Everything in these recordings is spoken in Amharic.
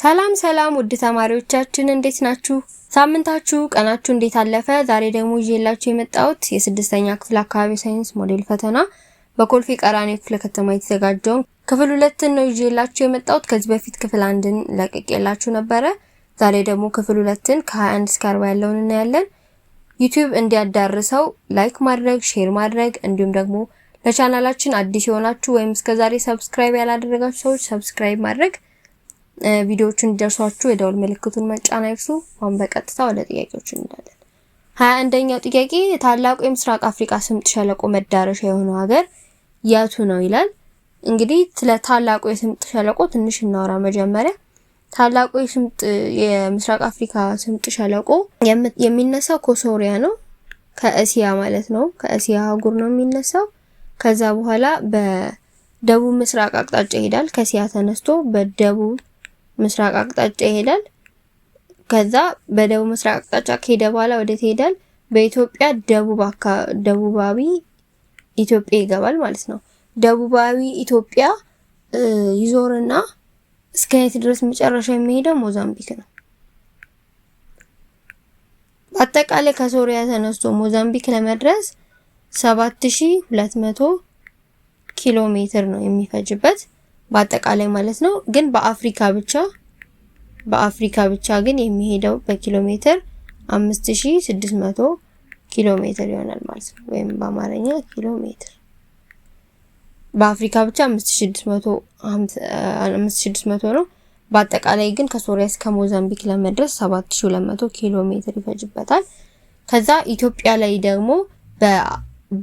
ሰላም ሰላም ውድ ተማሪዎቻችን እንዴት ናችሁ? ሳምንታችሁ ቀናችሁ እንዴት አለፈ? ዛሬ ደግሞ ይዤላችሁ የመጣሁት የስድስተኛ ክፍል አካባቢ ሳይንስ ሞዴል ፈተና በኮልፌ ቀራኒዮ ክፍለ ከተማ የተዘጋጀውን ክፍል ሁለትን ነው ይዤላችሁ የመጣሁት። ከዚህ በፊት ክፍል አንድን ለቅቄላችሁ ነበረ። ዛሬ ደግሞ ክፍል ሁለትን ከ21 እስከ 40 ያለውን እናያለን። ዩቲዩብ እንዲያዳርሰው ላይክ ማድረግ፣ ሼር ማድረግ እንዲሁም ደግሞ ለቻናላችን አዲስ የሆናችሁ ወይም እስከዛሬ ሰብስክራይብ ያላደረጋችሁ ሰዎች ሰብስክራይብ ማድረግ ቪዲዮዎቹ እንዲደርሷችሁ የደውል ምልክቱን መጫን አይርሱ። አሁን በቀጥታ ወደ ጥያቄዎቹ እንዳለን። ሀያ አንደኛው ጥያቄ ታላቁ የምስራቅ አፍሪካ ስምጥ ሸለቆ መዳረሻ የሆነው ሀገር የቱ ነው ይላል። እንግዲህ ስለ ታላቁ የስምጥ ሸለቆ ትንሽ እናወራ መጀመሪያ ታላቁ የስምጥ የምስራቅ አፍሪካ ስምጥ ሸለቆ የሚነሳው ኮሶሪያ ነው፣ ከእስያ ማለት ነው። ከእስያ አህጉር ነው የሚነሳው። ከዛ በኋላ በደቡብ ምስራቅ አቅጣጫ ይሄዳል። ከእስያ ተነስቶ በደቡብ ምስራቅ አቅጣጫ ይሄዳል። ከዛ በደቡብ ምስራቅ አቅጣጫ ከሄደ በኋላ ወደ ይሄዳል? በኢትዮጵያ ደቡብ ደቡባዊ ኢትዮጵያ ይገባል ማለት ነው። ደቡባዊ ኢትዮጵያ ይዞርና እስከ የት ድረስ መጨረሻ የሚሄደው ሞዛምቢክ ነው። አጠቃላይ ከሶሪያ ተነስቶ ሞዛምቢክ ለመድረስ 7200 ኪሎ ሜትር ነው የሚፈጅበት። በአጠቃላይ ማለት ነው። ግን በአፍሪካ ብቻ በአፍሪካ ብቻ ግን የሚሄደው በኪሎ ሜትር 5600 ኪሎ ሜትር ይሆናል ማለት ነው። ወይም በአማርኛ ኪሎ ሜትር በአፍሪካ ብቻ 5600 5600 ነው። በአጠቃላይ ግን ከሶሪያ እስከ ሞዛምቢክ ለመድረስ 7200 ኪሎ ሜትር ይፈጅበታል። ከዛ ኢትዮጵያ ላይ ደግሞ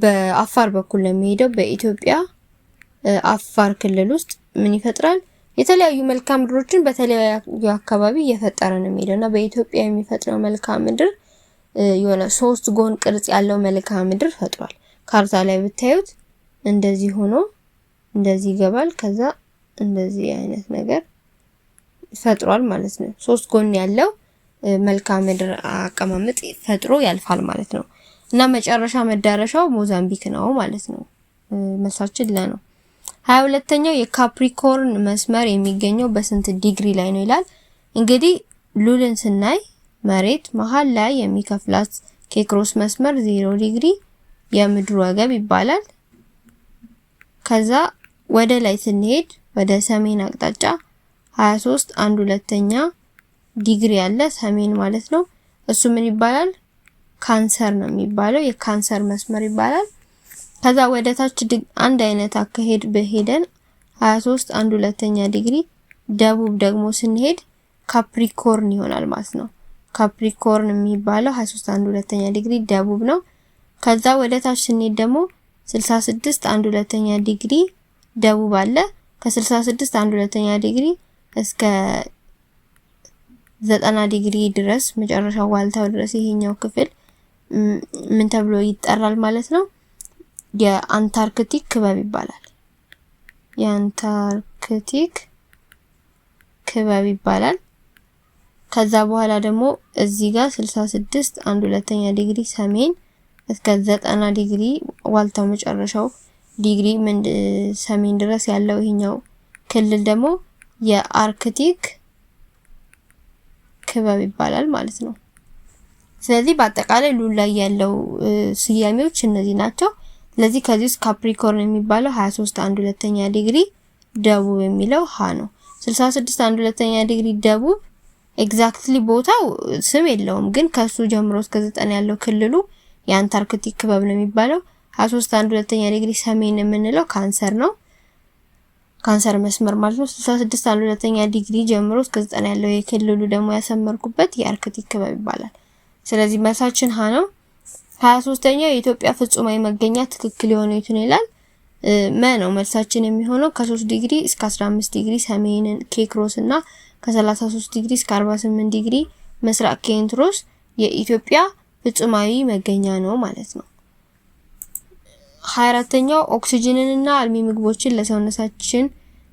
በአፋር በኩል ነው የሚሄደው በኢትዮጵያ አፋር ክልል ውስጥ ምን ይፈጥራል? የተለያዩ መልክዓ ምድሮችን በተለያዩ አካባቢ እየፈጠረ ነው የሚሄደው እና በኢትዮጵያ የሚፈጥረው መልክዓ ምድር የሆነ ሶስት ጎን ቅርጽ ያለው መልክዓ ምድር ፈጥሯል። ካርታ ላይ ብታዩት እንደዚህ ሆኖ እንደዚህ ይገባል። ከዛ እንደዚህ አይነት ነገር ፈጥሯል ማለት ነው። ሶስት ጎን ያለው መልክዓ ምድር አቀማመጥ ፈጥሮ ያልፋል ማለት ነው እና መጨረሻ መዳረሻው ሞዛምቢክ ነው ማለት ነው። መሳችን ለነው ነው። ሀያ ሁለተኛው የካፕሪኮርን መስመር የሚገኘው በስንት ዲግሪ ላይ ነው ይላል። እንግዲህ ሉልን ስናይ መሬት መሀል ላይ የሚከፍላት ኬክሮስ መስመር ዜሮ ዲግሪ የምድር ወገብ ይባላል። ከዛ ወደ ላይ ስንሄድ ወደ ሰሜን አቅጣጫ 23 አንድ ሁለተኛ ዲግሪ ያለ ሰሜን ማለት ነው። እሱ ምን ይባላል? ካንሰር ነው የሚባለው። የካንሰር መስመር ይባላል። ከዛ ወደ ታች አንድ አይነት አካሄድ በሄደን 23 አንድ ሁለተኛ ዲግሪ ደቡብ ደግሞ ስንሄድ ካፕሪኮርን ይሆናል ማለት ነው። ካፕሪኮርን የሚባለው 23 አንድ ሁለተኛ ዲግሪ ደቡብ ነው። ከዛ ወደ ታች ስንሄድ ደግሞ 66 አንድ ሁለተኛ ዲግሪ ደቡብ አለ። ከ66 አንድ ሁለተኛ ዲግሪ እስከ 90 ዲግሪ ድረስ መጨረሻው ዋልታው ድረስ ይሄኛው ክፍል ምን ተብሎ ይጠራል ማለት ነው? የአንታርክቲክ ክበብ ይባላል። የአንታርክቲክ ክበብ ይባላል። ከዛ በኋላ ደግሞ እዚህ ጋር 66 አንድ ሁለተኛ ዲግሪ ሰሜን እስከ 90 ዲግሪ ዋልታው መጨረሻው ዲግሪ ምን ሰሜን ድረስ ያለው ይሄኛው ክልል ደግሞ የአርክቲክ ክበብ ይባላል ማለት ነው። ስለዚህ በአጠቃላይ ሉል ላይ ያለው ስያሜዎች እነዚህ ናቸው። ስለዚህ ከዚህ ውስጥ ካፕሪኮርን የሚባለው 23 አንድ ሁለተኛ ዲግሪ ደቡብ የሚለው ሀ ነው። 66 አንድ ሁለተኛ ዲግሪ ደቡብ ኤግዛክትሊ ቦታው ስም የለውም፣ ግን ከሱ ጀምሮ እስከ ዘጠና ያለው ክልሉ የአንታርክቲክ ክበብ ነው የሚባለው። 23 አንድ ሁለተኛ ዲግሪ ሰሜን የምንለው ካንሰር ነው፣ ካንሰር መስመር ማለት ነው። 66 አንድ ሁለተኛ ዲግሪ ጀምሮ እስከ ዘጠና ያለው የክልሉ ደግሞ ያሰመርኩበት የአርክቲክ ክበብ ይባላል። ስለዚህ መልሳችን ሀ ነው። 23ኛው የኢትዮጵያ ፍጹማዊ መገኛ ትክክል የሆነው የቱ ይላል። መ ነው መልሳችን የሚሆነው ከ3 ዲግሪ እስከ 15 ዲግሪ ሰሜንን ኬክሮስ እና ከ33 ዲግሪ እስከ 48 ዲግሪ ምስራቅ ኬንትሮስ የኢትዮጵያ ፍጹማዊ መገኛ ነው ማለት ነው። 24ኛው ኦክሲጅንን እና አልሚ ምግቦችን ለሰውነታችን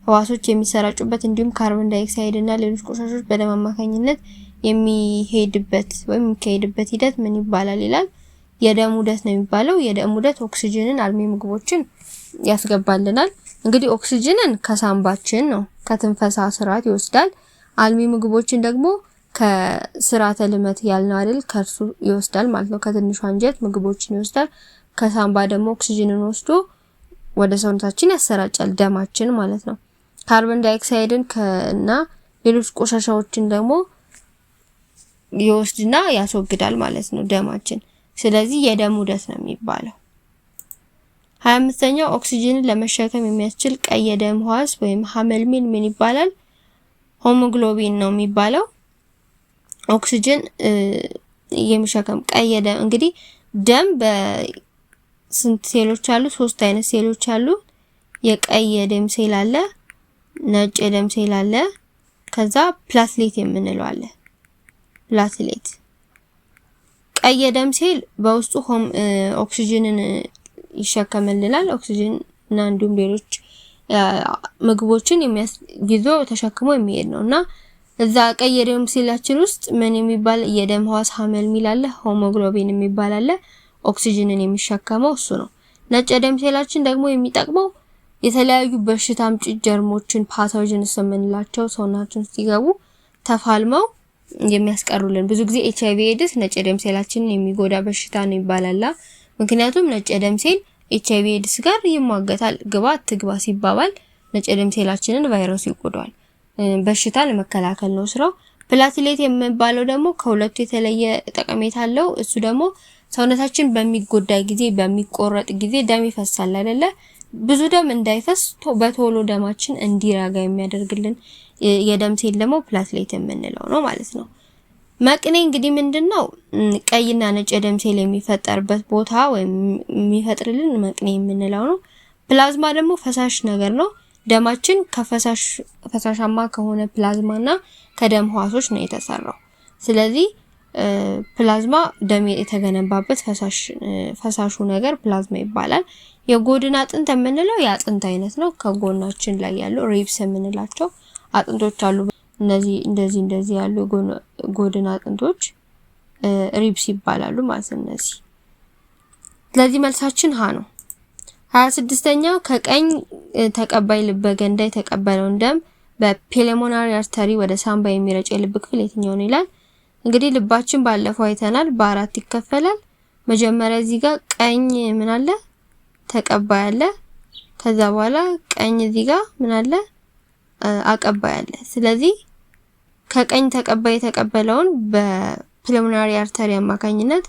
ህዋሶች የሚሰራጩበት እንዲሁም ካርቦን ዳይኦክሳይድ እና ሌሎች ቆሻሾች በደም የሚሄድበት ወይም የሚካሄድበት ሂደት ምን ይባላል ይላል። የደም ውደት ነው የሚባለው። የደም ውደት ኦክሲጅንን፣ አልሚ ምግቦችን ያስገባልናል። እንግዲህ ኦክሲጅንን ከሳምባችን ነው ከትንፈሳ ስርዓት ይወስዳል። አልሚ ምግቦችን ደግሞ ከስርዓተ ልመት ያልነው አይደል ከእርሱ ይወስዳል ማለት ነው። ከትንሿ አንጀት ምግቦችን ይወስዳል። ከሳምባ ደግሞ ኦክሲጅንን ወስዶ ወደ ሰውነታችን ያሰራጫል፣ ደማችን ማለት ነው። ካርቦን ዳይኦክሳይድን እና ሌሎች ቆሻሻዎችን ደግሞ ይወስድና ያስወግዳል ማለት ነው ደማችን። ስለዚህ የደም ውደት ነው የሚባለው። 25 25ኛው ኦክሲጅንን ለመሸከም የሚያስችል ቀይ የደም ህዋስ ወይም ሀመልሚል ምን ይባላል? ሆሞግሎቢን ነው የሚባለው። ኦክሲጅን የሚሸከም ቀይ የደም እንግዲህ ደም በስንት ሴሎች አሉ? ሶስት አይነት ሴሎች አሉ። የቀይ የደም ሴል አለ፣ ነጭ የደም ሴል አለ፣ ከዛ ፕላትሌት የምንለው አለ። ፕላትሌት ቀይ ደም ሴል በውስጡ ኦክሲጅንን ይሸከምልናል። ኦክሲጅን እና እንዲሁም ሌሎች ምግቦችን ይዞ ተሸክሞ የሚሄድ ነው እና እዛ ቀይ ደም ሴላችን ውስጥ ምን የሚባል የደም ህዋስ ሀመል የሚል አለ፣ ሆሞግሎቢን የሚባል አለ። ኦክሲጅንን የሚሸከመው እሱ ነው። ነጭ ደም ሴላችን ደግሞ የሚጠቅመው የተለያዩ በሽታ አምጪ ጀርሞችን ፓቶጅንስ የምንላቸው ሰውናችን ሲገቡ ተፋልመው የሚያስቀሩልን ብዙ ጊዜ ኤች አይቪ ኤድስ ነጭ ደም ሴላችንን የሚጎዳ በሽታ ነው ይባላል። ምክንያቱም ነጭ ደም ሴል ኤች አይቪ ኤድስ ጋር ይሟገታል። ግባ ትግባ ሲባባል ነጭ ደም ሴላችንን ቫይረሱ ይጎዳዋል። በሽታ ለመከላከል ነው ስራው። ፕላትሌት የሚባለው ደግሞ ከሁለቱ የተለየ ጠቀሜታ አለው። እሱ ደግሞ ሰውነታችን በሚጎዳ ጊዜ፣ በሚቆረጥ ጊዜ ደም ይፈሳል አይደለ? ብዙ ደም እንዳይፈስ በቶሎ ደማችን እንዲረጋ የሚያደርግልን የደም ሴል ደግሞ ፕላትሌት የምንለው ነው ማለት ነው። መቅኔ እንግዲህ ምንድነው? ቀይና ነጭ የደም ሴል የሚፈጠርበት ቦታ ወይም የሚፈጥርልን መቅኔ የምንለው ነው። ፕላዝማ ደግሞ ፈሳሽ ነገር ነው። ደማችን ከፈሳሽ ፈሳሻማ ከሆነ ፕላዝማና ከደም ህዋሶች ነው የተሰራው። ስለዚህ ፕላዝማ ደም የተገነባበት ፈሳሹ ነገር ፕላዝማ ይባላል። የጎድን አጥንት የምንለው የአጥንት አይነት ነው። ከጎናችን ላይ ያለው ሪብስ የምንላቸው አጥንቶች አሉ። እነዚህ እንደዚህ እንደዚህ ያሉ የጎድን አጥንቶች ሪብስ ይባላሉ ማለት ነው። እነዚህ ስለዚህ መልሳችን ሀ ነው። ሀያ ስድስተኛው ከቀኝ ተቀባይ ልብ ገንዳ የተቀበለውን ደም በፔሌሞናሪ አርተሪ ወደ ሳምባ የሚረጭ የልብ ክፍል የትኛው ነው ይላል። እንግዲህ ልባችን ባለፈው አይተናል በአራት ይከፈላል። መጀመሪያ እዚህ ጋር ቀኝ ምን አለ ተቀባይ አለ። ከዛ በኋላ ቀኝ እዚህ ጋር ምን አለ አቀባይ አለ። ስለዚህ ከቀኝ ተቀባይ የተቀበለውን በፕሊሚናሪ አርተሪ አማካኝነት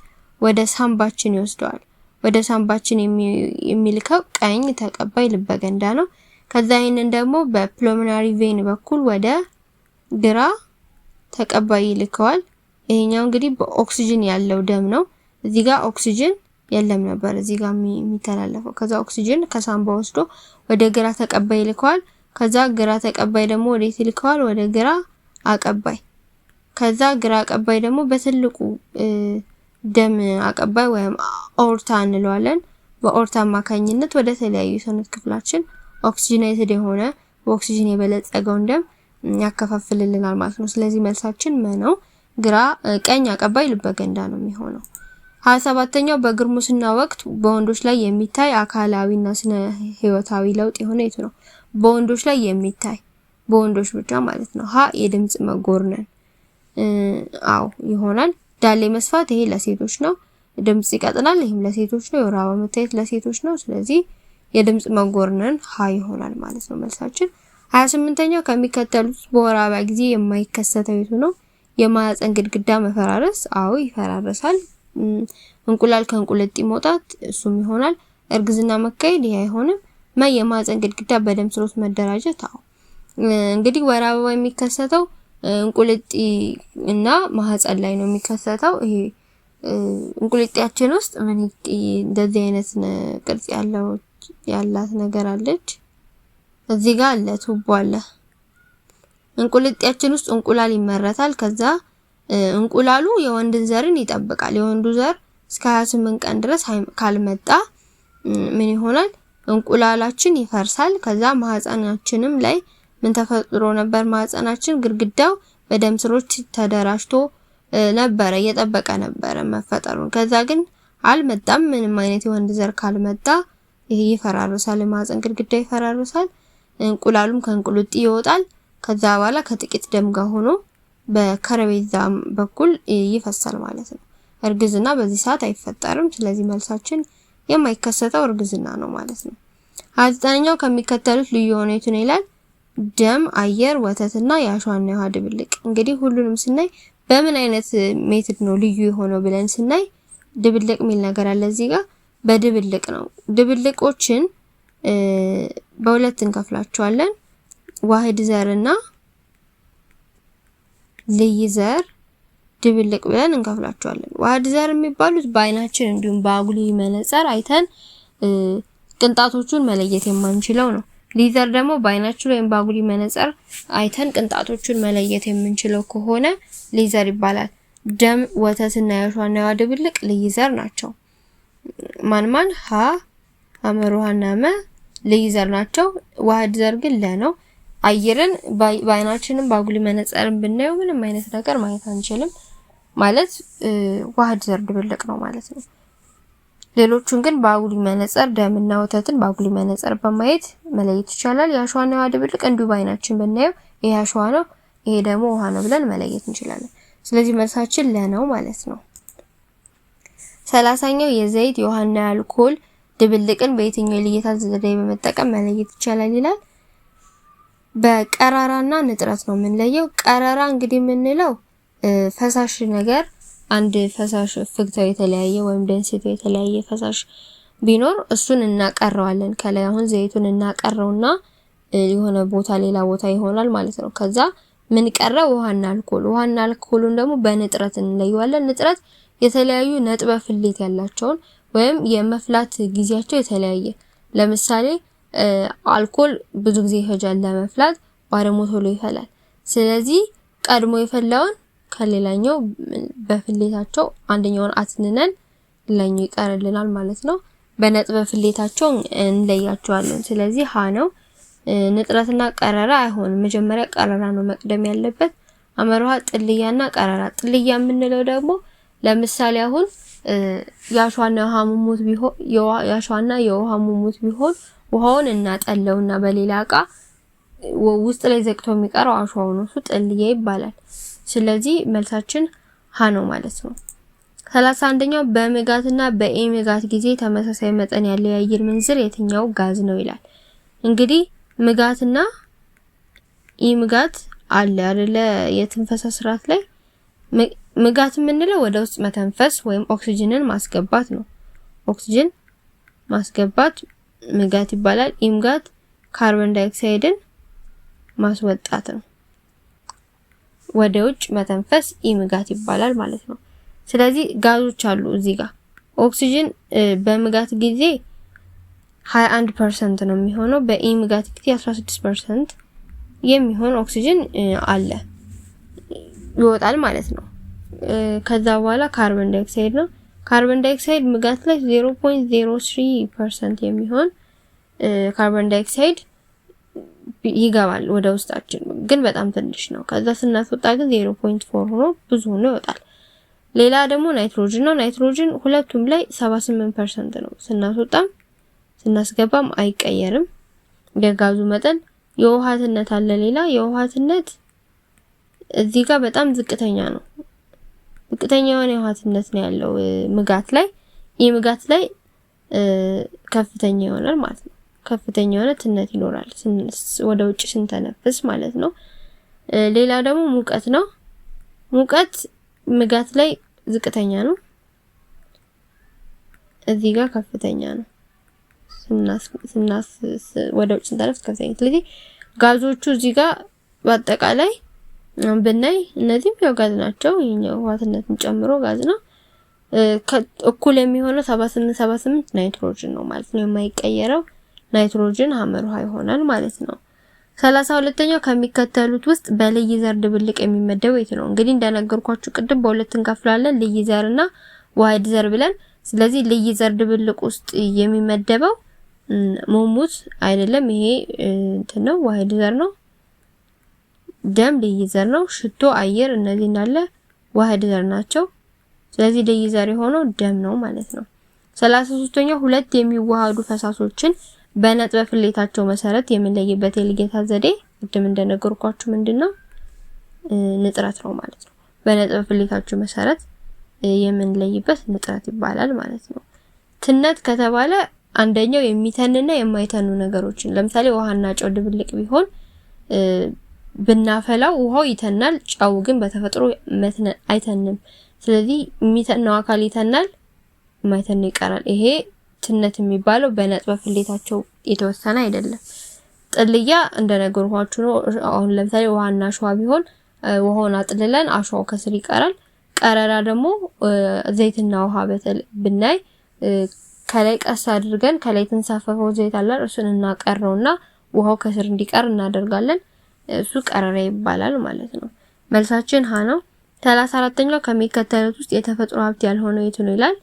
ወደ ሳምባችን ይወስደዋል። ወደ ሳምባችን የሚልከው ቀኝ ተቀባይ ልበገንዳ ነው። ከዛ ይህንን ደግሞ በፕሊሚናሪ ቬን በኩል ወደ ግራ ተቀባይ ይልከዋል። ይሄኛው እንግዲህ በኦክሲጅን ያለው ደም ነው። እዚህ ጋር ኦክሲጅን የለም ነበር እዚህ ጋር የሚተላለፈው። ከዛ ኦክሲጅን ከሳምባ ወስዶ ወደ ግራ ተቀባይ ይልከዋል። ከዛ ግራ ተቀባይ ደግሞ ወዴት ይልከዋል? ወደ ግራ አቀባይ። ከዛ ግራ አቀባይ ደግሞ በትልቁ ደም አቀባይ ወይም ኦርታ እንለዋለን። በኦርታ አማካኝነት ወደ ተለያዩ የሰውነት ክፍላችን ኦክሲጅኔትድ የሆነ በኦክሲጅን የበለጸገውን ደም ያከፋፍልልናል ማለት ነው። ስለዚህ መልሳችን መ ነው። ግራ ቀኝ አቀባይ ልበገንዳ ነው የሚሆነው። 27ኛው በግርሙስና ወቅት በወንዶች ላይ የሚታይ አካላዊና ስነ ህይወታዊ ለውጥ የሆነ የቱ ነው? በወንዶች ላይ የሚታይ በወንዶች ብቻ ማለት ነው። ሀ የድምጽ መጎርነን አው ይሆናል። ዳሌ መስፋት ይሄ ለሴቶች ነው። ድምጽ ይቀጥናል ይሄም ለሴቶች ነው። የወር አበባ መታየት ለሴቶች ነው። ስለዚህ የድምጽ መጎርነን ሀ ይሆናል ማለት ነው መልሳችን። 28ኛው ከሚከተሉት በወር አበባ ጊዜ የማይከሰተው የቱ ነው? የማህፀን ግድግዳ መፈራረስ አው ይፈራረሳል። እንቁላል ከእንቁልጢ መውጣት እሱም ይሆናል። እርግዝና መካሄድ ይሄ አይሆንም። የማህፀን ግድግዳ በደም ስሮት መደራጀት። አዎ እንግዲህ ወር አበባ የሚከሰተው እንቁልጢ እና ማህፀን ላይ ነው የሚከሰተው። ይሄ እንቁልጢያችን ውስጥ ምን እንደዚህ አይነት ቅርጽ ያለው ያላት ነገር አለች። እዚህ ጋር አለ፣ ቱቦ አለ። እንቁልጢያችን ውስጥ እንቁላል ይመረታል። ከዛ እንቁላሉ የወንድን ዘርን ይጠብቃል። የወንዱ ዘር እስከ 28 ቀን ድረስ ካልመጣ ምን ይሆናል? እንቁላላችን ይፈርሳል። ከዛ ማህፀናችንም ላይ ምን ተፈጥሮ ነበር? ማህፀናችን ግድግዳው በደም ስሮች ተደራጅቶ ነበረ፣ እየጠበቀ ነበረ መፈጠሩን። ከዛ ግን አልመጣም። ምንም አይነት የወንድ ዘር ካልመጣ ይሄ ይፈራርሳል፣ ማህፀን ግድግዳ ይፈራርሳል። እንቁላሉም ከእንቁልጥ ይወጣል። ከዛ በኋላ ከጥቂት ደም ጋር ሆኖ በከረቤዛ በኩል ይፈሳል ማለት ነው። እርግዝና በዚህ ሰዓት አይፈጠርም። ስለዚህ መልሳችን የማይከሰተው እርግዝና ነው ማለት ነው። ሀያ ዘጠነኛው ከሚከተሉት ልዩ የሆነቱን ይላል ደም፣ አየር፣ ወተትና የአሸዋና የውሃ ድብልቅ። እንግዲህ ሁሉንም ስናይ በምን አይነት ሜትድ ነው ልዩ የሆነው ብለን ስናይ ድብልቅ የሚል ነገር አለ እዚህ ጋር በድብልቅ ነው። ድብልቆችን በሁለት እንከፍላቸዋለን ዋህድ ዘርና ልይዘር ድብልቅ ብለን እንከፍላቸዋለን። ዋህድ ዘር የሚባሉት በአይናችን እንዲሁም በአጉሊ መነጽር አይተን ቅንጣቶቹን መለየት የማንችለው ነው። ሊዘር ደግሞ በአይናችን ወይም በአጉሊ መነጽር አይተን ቅንጣቶቹን መለየት የምንችለው ከሆነ ሊዘር ይባላል። ደም፣ ወተትና የአሸዋና የዋ ድብልቅ ልይዘር ናቸው። ማን ማን ሀ መ ልይዘር ናቸው። ዋህድ ዘር ግን ለ ነው። አየርን በአይናችንም በአጉሊ መነጽርም ብናየው ምንም አይነት ነገር ማየት አንችልም። ማለት ዋህድ ዘር ድብልቅ ነው ማለት ነው። ሌሎቹን ግን በአጉሊ መነጸር ደምና ወተትን በአጉሊ መነጽር በማየት መለየት ይቻላል። የአሸዋና የውሃ ድብልቅ እንዲሁ በአይናችን ብናየው ይሄ አሸዋ ነው፣ ይሄ ደግሞ ውሃ ነው ብለን መለየት እንችላለን። ስለዚህ መልሳችን ለነው ማለት ነው። ሰላሳኛው የዘይት የውሃና የአልኮል ድብልቅን በየትኛው የልየታ ዘዴ በመጠቀም መለየት ይቻላል ይላል። በቀረራና ንጥረት ነው የምንለየው። ቀረራ እንግዲህ የምንለው ፈሳሽ ነገር አንድ ፈሳሽ ፍግተው የተለያየ ወይም ደንሲቱ የተለያየ ፈሳሽ ቢኖር እሱን እናቀረዋለን። ከላይ አሁን ዘይቱን እናቀረውና የሆነ ቦታ ሌላ ቦታ ይሆናል ማለት ነው። ከዛ ምን ቀረ? ውሃና አልኮል። ውሃና አልኮሉን ደግሞ በንጥረት እንለየዋለን። ንጥረት የተለያዩ ነጥበ ፍሌት ያላቸውን ወይም የመፍላት ጊዜያቸው የተለያየ ለምሳሌ አልኮል ብዙ ጊዜ ይፈጃል ለመፍላት፣ ባረሞ ቶሎ ይፈላል። ስለዚህ ቀድሞ የፈላውን ከሌላኛው በፍሌታቸው አንደኛውን አትንነን ሌላኛው ይቀርልናል ማለት ነው። በነጥብ ፍሌታቸው እንለያቸዋለን። ስለዚህ ሀ ነው። ንጥረትና ቀረራ አይሆንም። መጀመሪያ ቀረራ ነው መቅደም ያለበት። አመራሃ ጥልያና ቀረራ። ጥልያ የምንለው ደግሞ ለምሳሌ አሁን ያሸዋና የውሃ ሙሙት ቢሆን ውሃውን እናጠለውና በሌላ እቃ ውስጥ ላይ ዘግቶ የሚቀረው አሸዋው ነው። እሱ ጥልዬ ይባላል። ስለዚህ መልሳችን ሀ ነው ማለት ነው። ሰላሳ አንደኛው በምጋትና በኤምጋት ጊዜ ተመሳሳይ መጠን ያለው የአየር ምንዝር የትኛው ጋዝ ነው ይላል። እንግዲህ ምጋትና ኢምጋት አለ አይደለ? የትንፈሳ ስርዓት ላይ ምጋት የምንለው ወደ ውስጥ መተንፈስ ወይም ኦክሲጅንን ማስገባት ነው። ኦክሲጅን ማስገባት ምጋት ይባላል። ኢምጋት ካርቦን ዳይኦክሳይድን ማስወጣት ነው። ወደ ውጭ መተንፈስ ኢምጋት ይባላል ማለት ነው። ስለዚህ ጋዞች አሉ እዚህ ጋር ኦክሲጅን በምጋት ጊዜ 21% ነው የሚሆነው። በኢምጋት ጊዜ 16% የሚሆን ኦክሲጅን አለ ይወጣል ማለት ነው። ከዛ በኋላ ካርቦን ዳይኦክሳይድ ነው። ካርቦን ዳይኦክሳይድ ምጋት ላይ 0.03% የሚሆን ካርቦን ዳይኦክሳይድ ይገባል ወደ ውስጣችን፣ ግን በጣም ትንሽ ነው። ከዛ ስናስወጣ ግን 0.4 ሆኖ ብዙ ሆኖ ይወጣል። ሌላ ደግሞ ናይትሮጅን ነው። ናይትሮጅን ሁለቱም ላይ 78% ነው። ስናስወጣም ስናስገባም አይቀየርም። የጋዙ መጠን የውሃትነት አለ። ሌላ የውሃትነት እዚህ ጋር በጣም ዝቅተኛ ነው። ዝቅተኛ የሆነ የውሃትነት ነው ያለው ምጋት ላይ ይህ ምጋት ላይ ከፍተኛ ይሆናል ማለት ነው። ከፍተኛ የሆነ ትነት ይኖራል ወደ ውጭ ስንተነፍስ ማለት ነው። ሌላ ደግሞ ሙቀት ነው። ሙቀት ምጋት ላይ ዝቅተኛ ነው፣ እዚህ ጋር ከፍተኛ ነው። ስናስ ወደ ውጭ ስንተነፍስ ከፍተኛ ስለዚህ ጋዞቹ እዚህ ጋር በአጠቃላይ ብናይ እነዚህም ያው ጋዝ ናቸው። ይሄኛው ዋትነትን ጨምሮ ጋዝ ነው። እኩል የሚሆነው 78 78 ናይትሮጅን ነው ማለት ነው። የማይቀየረው ናይትሮጅን ሀመር ውሃ ይሆናል ማለት ነው። 32 32ኛው ከሚከተሉት ውስጥ በልይ ዘር ድብልቅ የሚመደበው የት ነው? እንግዲህ እንደነገርኳችሁ ቅድም በሁለት እንከፍላለን ልይ ዘር እና ዋህድ ዘር ብለን። ስለዚህ ልይ ዘር ድብልቅ ውስጥ የሚመደበው ሙሙት አይደለም፣ ይሄ እንትን ነው፣ ዋይድ ዘር ነው። ደም ልይ ዘር ነው። ሽቶ፣ አየር እነዚህ እንዳለ ዋህድ ዘር ናቸው። ስለዚህ ልይ ዘር የሆነው ደም ነው ማለት ነው። 33 ሶስተኛው ሁለት የሚዋሃዱ ፈሳሶችን በነጥበ ፍሌታቸው መሰረት የምንለይበት የልጌታ ዘዴ ቅድም እንደነገርኳችሁ ምንድነው ንጥረት ነው ማለት ነው። በነጥበ ፍሌታቸው መሰረት የምንለይበት ንጥረት ይባላል ማለት ነው። ትነት ከተባለ አንደኛው የሚተንና የማይተኑ ነገሮችን ለምሳሌ ውሃና ጨው ድብልቅ ቢሆን ብናፈላው ውሃው ይተናል። ጨው ግን በተፈጥሮ አይተንም። ስለዚህ የሚተናው አካል ይተናል፣ የማይተን ይቀራል። ይሄ ትነት የሚባለው በነጥበ ፍሌታቸው የተወሰነ አይደለም። ጥልያ እንደነገርኳችሁ ነው። አሁን ለምሳሌ ውሃና አሸዋ ቢሆን ውሃውን አጥልለን አሸዋው ከስር ይቀራል። ቀረራ ደግሞ ዘይትና ውሃ ብናይ ከላይ ቀስ አድርገን ከላይ የተንሳፈፈው ዘይት አለ እሱን እናቀረውና ውሃው ከስር እንዲቀር እናደርጋለን። እሱ ቀረረ ይባላል ማለት ነው። መልሳችን ሀ ነው። 34 34ኛው ከሚከተሉት ውስጥ የተፈጥሮ ሀብት ያልሆነው የቱ ነው ይላል።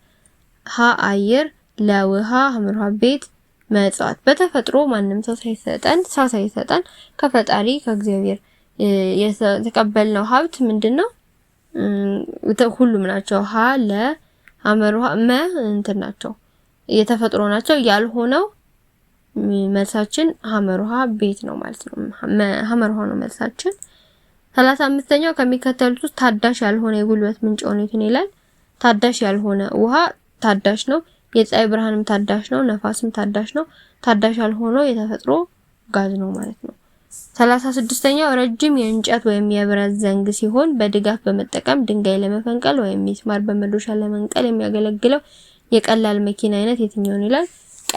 ሀ አየር፣ ለውሃ ሀምርሃ ቤት መጽዋት። በተፈጥሮ ማንም ሰው ሳይሰጠን ሰው ሳይሰጠን ከፈጣሪ ከእግዚአብሔር የተቀበልነው ሀብት ምንድን ነው? ሁሉም ናቸው። ሀ ለ ሀመር መ እንትን ናቸው የተፈጥሮ ናቸው ያልሆነው መልሳችን ውሃ ቤት ነው ማለት ነው። ውሃ ነው መልሳችን። ሰላሳ አምስተኛው ከሚከተሉት ውስጥ ታዳሽ ያልሆነ የጉልበት ምንጭ ሆኖ ይላል። ታዳሽ ያልሆነ ውሃ ታዳሽ ነው። የፀሐይ ብርሃንም ታዳሽ ነው። ነፋስም ታዳሽ ነው። ታዳሽ ያልሆነው የተፈጥሮ ጋዝ ነው ማለት ነው። ሰላሳ ስድስተኛው ረጅም የእንጨት ወይም የብረት ዘንግ ሲሆን በድጋፍ በመጠቀም ድንጋይ ለመፈንቀል ወይም ሚስማር በመዶሻ ለመንቀል የሚያገለግለው የቀላል መኪና አይነት የትኛውን ይላል?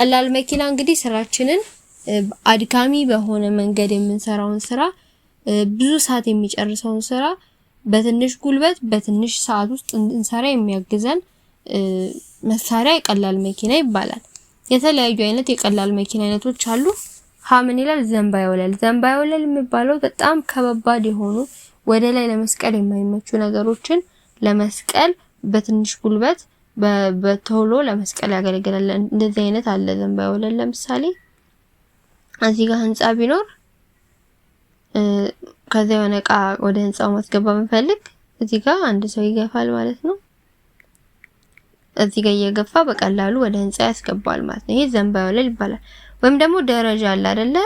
ቀላል መኪና እንግዲህ ስራችንን አድካሚ በሆነ መንገድ የምንሰራውን ስራ ብዙ ሰዓት የሚጨርሰውን ስራ በትንሽ ጉልበት በትንሽ ሰዓት ውስጥ እንድንሰራ የሚያግዘን መሳሪያ የቀላል መኪና ይባላል። የተለያዩ አይነት የቀላል መኪና አይነቶች አሉ። ሀ ምን ይላል? ዘንባ ወለል። ዘንባ ወለል የሚባለው በጣም ከበባድ የሆኑ ወደ ላይ ለመስቀል የማይመቹ ነገሮችን ለመስቀል በትንሽ ጉልበት በቶሎ ለመስቀል ያገለግላል። እንደዚህ አይነት አለ። ዘንባ ወለል ለምሳሌ እዚህ ጋር ህንጻ ቢኖር ከዛ የሆነ እቃ ወደ ህንጻው ማስገባ ብንፈልግ እዚህ ጋር አንድ ሰው ይገፋል ማለት ነው። እዚህ ጋር እየገፋ በቀላሉ ወደ ህንጻ ያስገባል ማለት ነው። ይሄ ዘንባ ወለል ይባላል። ወይም ደግሞ ደረጃ አለ አይደለ?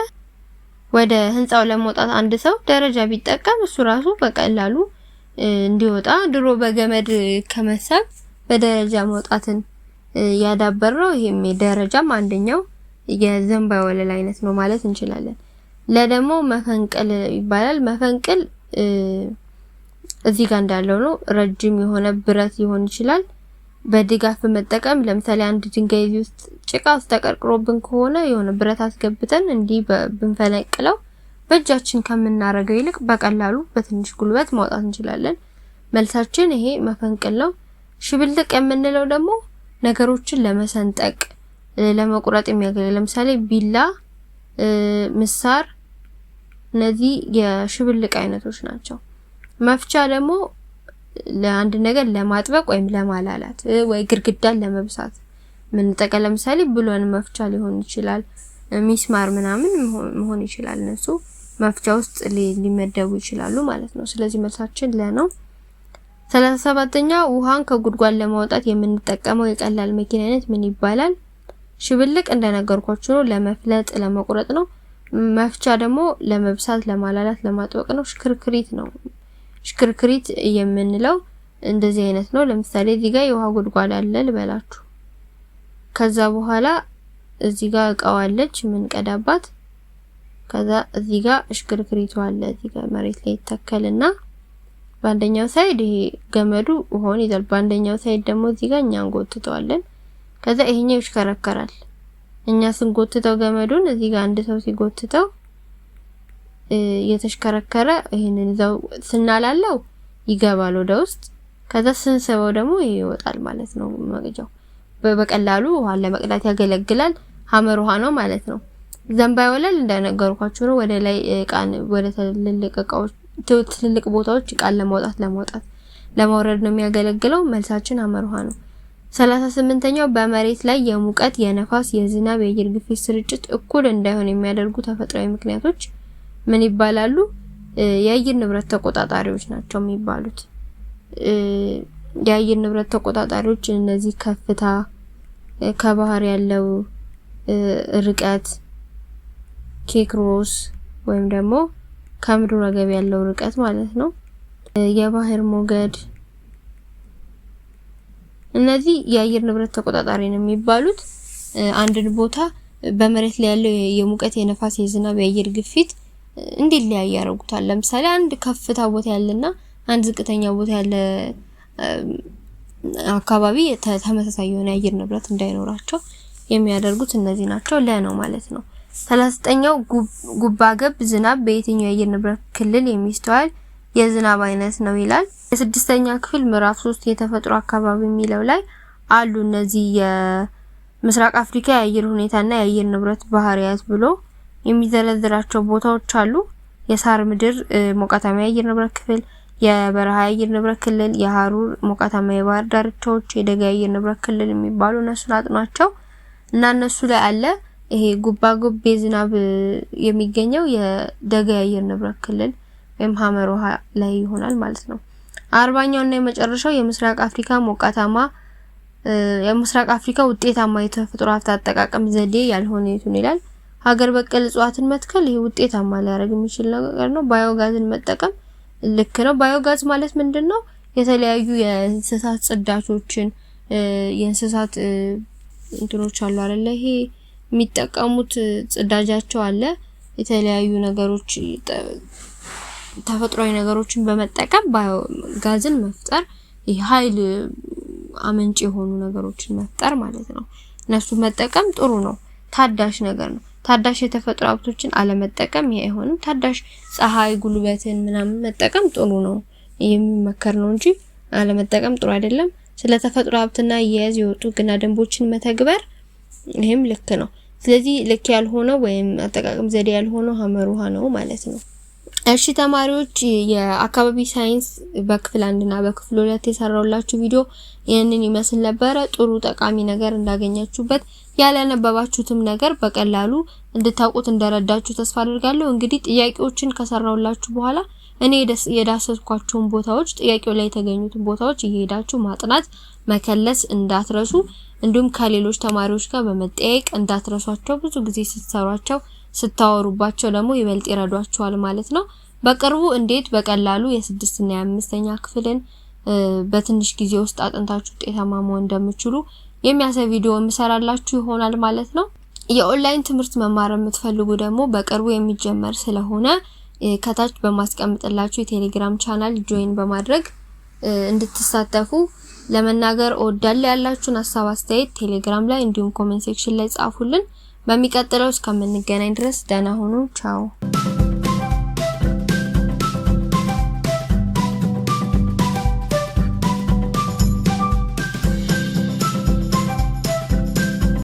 ወደ ህንጻው ለመውጣት አንድ ሰው ደረጃ ቢጠቀም እሱ ራሱ በቀላሉ እንዲወጣ ድሮ በገመድ ከመሳብ በደረጃ መውጣትን ያዳበረው ይሄም ደረጃም አንደኛው የዘንባ ወለል አይነት ነው ማለት እንችላለን። ለደግሞ መፈንቅል ይባላል። መፈንቅል እዚህ ጋር እንዳለው ነው። ረጅም የሆነ ብረት ሊሆን ይችላል። በድጋፍ በመጠቀም ለምሳሌ አንድ ድንጋይ እዚህ ውስጥ ጭቃ ውስጥ ተቀርቅሮብን ከሆነ የሆነ ብረት አስገብተን እንዲህ ብንፈነቅለው በእጃችን ከምናደርገው ይልቅ በቀላሉ በትንሽ ጉልበት ማውጣት እንችላለን። መልሳችን ይሄ መፈንቅል ነው። ሽብልቅ የምንለው ደግሞ ነገሮችን ለመሰንጠቅ ለመቁረጥ የሚያገለግል ለምሳሌ ቢላ፣ ምሳር እነዚህ የሽብልቅ አይነቶች ናቸው። መፍቻ ደግሞ ለአንድ ነገር ለማጥበቅ ወይም ለማላላት ወይ ግድግዳን ለመብሳት ምንጠቀ ለምሳሌ ብሎን መፍቻ ሊሆን ይችላል። ሚስማር ምናምን መሆን ይችላል። እነሱ መፍቻ ውስጥ ሊመደቡ ይችላሉ ማለት ነው። ስለዚህ መልሳችን ለነው። ሰላሳ ሰባተኛ ውሃን ከጉድጓድ ለማውጣት የምንጠቀመው የቀላል መኪና አይነት ምን ይባላል? ሽብልቅ እንደነገርኳችሁ ነው፣ ለመፍለጥ ለመቁረጥ ነው። መፍቻ ደግሞ ለመብሳት፣ ለማላላት፣ ለማጥበቅ ነው። ሽክርክሪት ነው። ሽክርክሪት የምንለው እንደዚህ አይነት ነው። ለምሳሌ እዚህ ጋር የውሃ ጉድጓድ አለ ልበላችሁ። ከዛ በኋላ እዚህ ጋር እቃው አለች የምንቀዳባት። ከዛ እዚህ ጋር ሽክርክሪቱ አለ እዚህ ጋር መሬት ላይ ይተከልና በአንደኛው ሳይድ ይሄ ገመዱ ውሃውን ይዛል። በአንደኛው ሳይድ ደግሞ እዚህ ጋር እኛ እንጎትተዋለን። ከዛ ይሄኛው ይሽከረከራል። እኛ ስንጎትተው ገመዱን እዚህ ጋር አንድ ሰው ሲጎትተው እየተሽከረከረ ይሄንን እዛው ስናላለው ይገባል ወደ ውስጥ። ከዛ ስንስበው ደግሞ ይወጣል ማለት ነው መቅጃው። በቀላሉ ውሃን ለመቅዳት ያገለግላል። ሀመር ውሃ ነው ማለት ነው። ዘንባይ ወለል እንደነገርኳችሁ ነው። ወደ ላይ እቃን ወደ ትልልቅ እቃዎች ትልልቅ ቦታዎች እቃን ለማውጣት ለማውጣት ለማውረድ ነው የሚያገለግለው። መልሳችን አመርሃ ነው። ሰላሳ ስምንተኛው በመሬት ላይ የሙቀት፣ የነፋስ፣ የዝናብ፣ የአየር ግፊት ስርጭት እኩል እንዳይሆን የሚያደርጉ ተፈጥሯዊ ምክንያቶች ምን ይባላሉ? የአየር ንብረት ተቆጣጣሪዎች ናቸው የሚባሉት። የአየር ንብረት ተቆጣጣሪዎች እነዚህ ከፍታ፣ ከባህር ያለው ርቀት፣ ኬክሮስ ወይም ደግሞ ከምድር ወገብ ያለው ርቀት ማለት ነው። የባህር ሞገድ እነዚህ የአየር ንብረት ተቆጣጣሪ ነው የሚባሉት። አንድን ቦታ በመሬት ላይ ያለው የሙቀት፣ የነፋስ፣ የዝናብ፣ የአየር ግፊት እንዲለያይ ያደርጉታል። ለምሳሌ አንድ ከፍታ ቦታ ያለና አንድ ዝቅተኛ ቦታ ያለ አካባቢ ተመሳሳይ የሆነ የአየር ንብረት እንዳይኖራቸው የሚያደርጉት እነዚህ ናቸው። ለ ነው ማለት ነው። 39ኛው ጉባገብ ዝናብ በየትኛው የአየር ንብረት ክልል የሚስተዋል የዝናብ አይነት ነው ይላል። የስድስተኛ ክፍል ምዕራፍ 3 የተፈጥሮ አካባቢ የሚለው ላይ አሉ እነዚህ የምስራቅ አፍሪካ የአየር ሁኔታና የአየር ንብረት ባህሪያት ብሎ የሚዘረዝራቸው ቦታዎች አሉ። የሳር ምድር ሞቃታማ የአየር ንብረት ክፍል፣ የበረሃ የአየር ንብረት ክልል፣ የሀሩር ሞቃታማ የባህር ዳርቻዎች፣ የደጋ የአየር ንብረት ክልል የሚባሉ እነሱን አጥኗቸው እና እነሱ ላይ አለ ይሄ ጉባጉቤ ዝናብ የሚገኘው የደጋ የአየር ንብረት ክልል ወይም ሀመር ውሃ ላይ ይሆናል ማለት ነው። አርባኛው እና የመጨረሻው የምስራቅ አፍሪካ ሞቃታማ የምስራቅ አፍሪካ ውጤታማ የተፈጥሮ ሀብት አጠቃቀም ዘዴ ያልሆነ የቱን ይላል። ሀገር በቀል እጽዋትን መትከል ይሄ ውጤታማ ሊያደርግ የሚችል ነገር ነው። ባዮጋዝን መጠቀም ልክ ነው። ባዮጋዝ ማለት ምንድን ነው? የተለያዩ የእንስሳት ጽዳቾችን የእንስሳት እንትኖች አሉ አይደለ ይሄ የሚጠቀሙት ጽዳጃቸው አለ። የተለያዩ ነገሮች ተፈጥሯዊ ነገሮችን በመጠቀም ጋዝን መፍጠር የኃይል አመንጭ የሆኑ ነገሮችን መፍጠር ማለት ነው። እነሱ መጠቀም ጥሩ ነው። ታዳሽ ነገር ነው። ታዳሽ የተፈጥሮ ሀብቶችን አለመጠቀም ይሄ አይሆንም። ታዳሽ ፀሐይ፣ ጉልበትን ምናምን መጠቀም ጥሩ ነው የሚመከር ነው እንጂ አለመጠቀም ጥሩ አይደለም። ስለ ተፈጥሮ ሀብትና አያያዝ የወጡ ግና ደንቦችን መተግበር ይህም ልክ ነው። ስለዚህ ልክ ያልሆነው ወይም አጠቃቀም ዘዴ ያልሆነው ሀመር ውሃ ነው ማለት ነው። እሺ ተማሪዎች የአካባቢ ሳይንስ በክፍል አንድና በክፍል ሁለት የሰራውላችሁ ቪዲዮ ይህንን ይመስል ነበረ። ጥሩ ጠቃሚ ነገር እንዳገኛችሁበት ያላነበባችሁትም ነገር በቀላሉ እንድታውቁት እንደረዳችሁ ተስፋ አድርጋለሁ። እንግዲህ ጥያቄዎችን ከሰራውላችሁ በኋላ እኔ የዳሰስኳቸውን ቦታዎች ጥያቄው ላይ የተገኙትን ቦታዎች እየሄዳችሁ ማጥናት መከለስ እንዳትረሱ። እንዲሁም ከሌሎች ተማሪዎች ጋር በመጠያየቅ እንዳትረሷቸው። ብዙ ጊዜ ስትሰሯቸው፣ ስታወሩባቸው ደግሞ ይበልጥ ይረዷቸዋል ማለት ነው። በቅርቡ እንዴት በቀላሉ የስድስትና የአምስተኛ ክፍልን በትንሽ ጊዜ ውስጥ አጥንታችሁ ውጤታማ መሆን እንደምችሉ የሚያሳይ ቪዲዮ የምሰራላችሁ ይሆናል ማለት ነው። የኦንላይን ትምህርት መማር የምትፈልጉ ደግሞ በቅርቡ የሚጀመር ስለሆነ ከታች በማስቀምጥላችሁ የቴሌግራም ቻናል ጆይን በማድረግ እንድትሳተፉ ለመናገር እወዳለሁ ያላችሁን ሀሳብ አስተያየት ቴሌግራም ላይ እንዲሁም ኮሜንት ሴክሽን ላይ ጻፉልን። በሚቀጥለው እስከምንገናኝ ድረስ ደህና ሁኑ። ቻው